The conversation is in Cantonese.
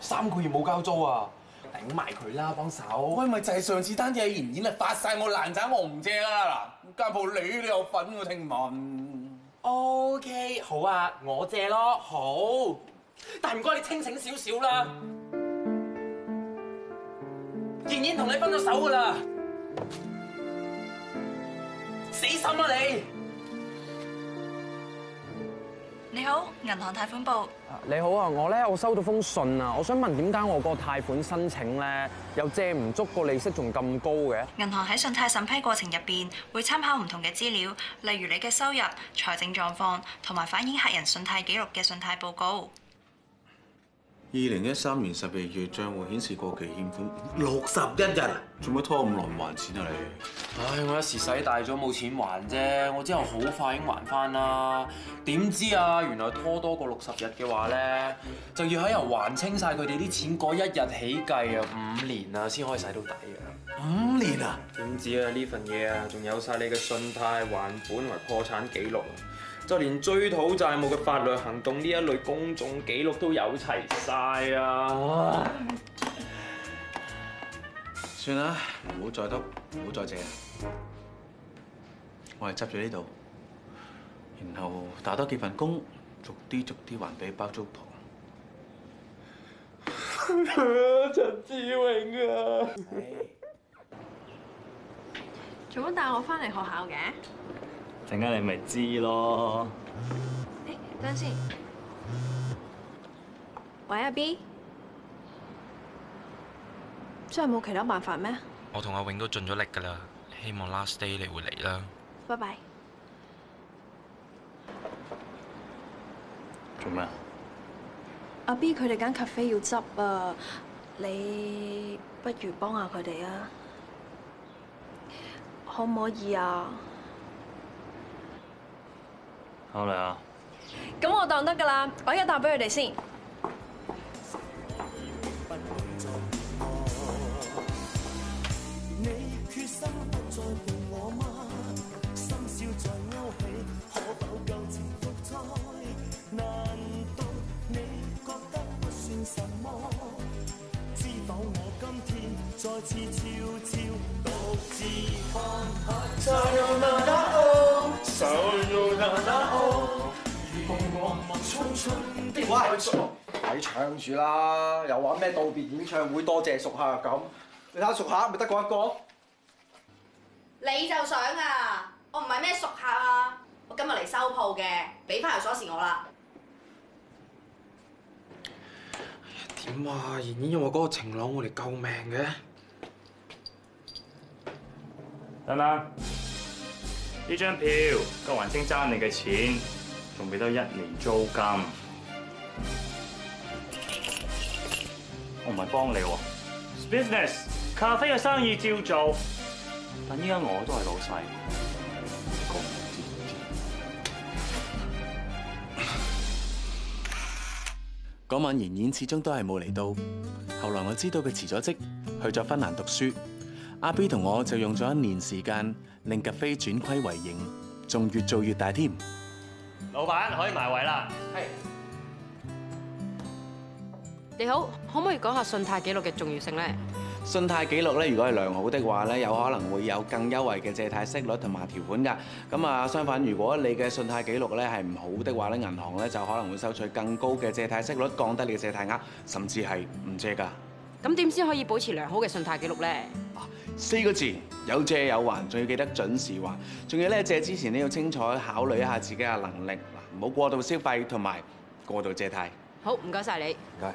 三個月冇交租啊，頂埋佢啦，幫手！喂，咪就係上次單嘢，然然啊，發晒我爛渣，我唔借啦嗱，家婆你都有份喎，聽唔明？O K，好啊，我借咯，好，但唔該你清醒少少啦，然然同你分咗手噶啦， 死心啦、啊、你。你好，銀行貸款部。你好啊，我咧我收到封信啊，我想問點解我個貸款申請咧又借唔足個利息仲咁高嘅？銀行喺信貸審批過程入邊會參考唔同嘅資料，例如你嘅收入、財政狀況，同埋反映客人信貸記錄嘅信貸報告。二零一三年十二月賬戶顯示過期欠款六十一日，做乜拖咁耐唔還錢啊你？唉，我一時使大咗冇錢還啫，我之後好快已經還翻啦。點知啊，原來拖多過六十日嘅話咧，就要喺由還清晒佢哋啲錢嗰一日起計啊，五年啊先可以使到底啊。五年啊？點知啊？呢份嘢啊，仲有晒你嘅信貸還款為破產記錄。連追討債務嘅法律行動呢一類公眾記錄都有齊晒啊！ 算啦，唔好再督，唔好再借啊！我係執咗呢度，然後多打多幾份工，逐啲逐啲還俾包租婆。 陳志穎啊！做乜帶我翻嚟學校嘅？等下你咪知咯。誒、欸，等先。喂，阿 B，真係冇其他辦法咩？我同阿永都盡咗力㗎啦，希望 Last Day 你會嚟啦。拜拜。做咩？阿 B，佢哋間咖啡要執啊，你不如幫下佢哋啊，可唔可以啊？好啦，咁我當得㗎喇，我而家答俾佢哋先。春哇！咪搶住啦，又話咩道別演唱會多謝熟客咁？你睇下熟客咪得過一個？你就想啊？我唔係咩熟客啊？我今日嚟收鋪嘅，俾翻條鎖匙我啦。點啊？然然又話嗰個情郎我嚟救命嘅。等啦，呢張票郭環清爭你嘅錢。仲俾多一年租金，我唔係幫你喎。Business 咖啡嘅生意照做，但依家我都係老細。嗰晚妍妍始終都係冇嚟到，後來我知道佢辭咗職，去咗芬蘭讀書。阿 B 同我就用咗一年時間令咖啡轉虧為盈，仲越做越大添。老闆可以埋位啦。係，你好，可唔可以講下信貸記錄嘅重要性呢？信貸記錄咧，如果係良好的話咧，有可能會有更優惠嘅借貸息率同埋條款噶。咁啊，相反，如果你嘅信貸記錄咧係唔好的話咧，銀行咧就可能會收取更高嘅借貸息率，降低你嘅借貸額，甚至係唔借噶。咁點先可以保持良好嘅信貸記錄呢？四個字，有借有還，仲要記得準時還。仲要咧，借之前咧要清楚考慮一下自己嘅能力。唔好過度消費同埋過度借貸。好，唔該晒你。唔該。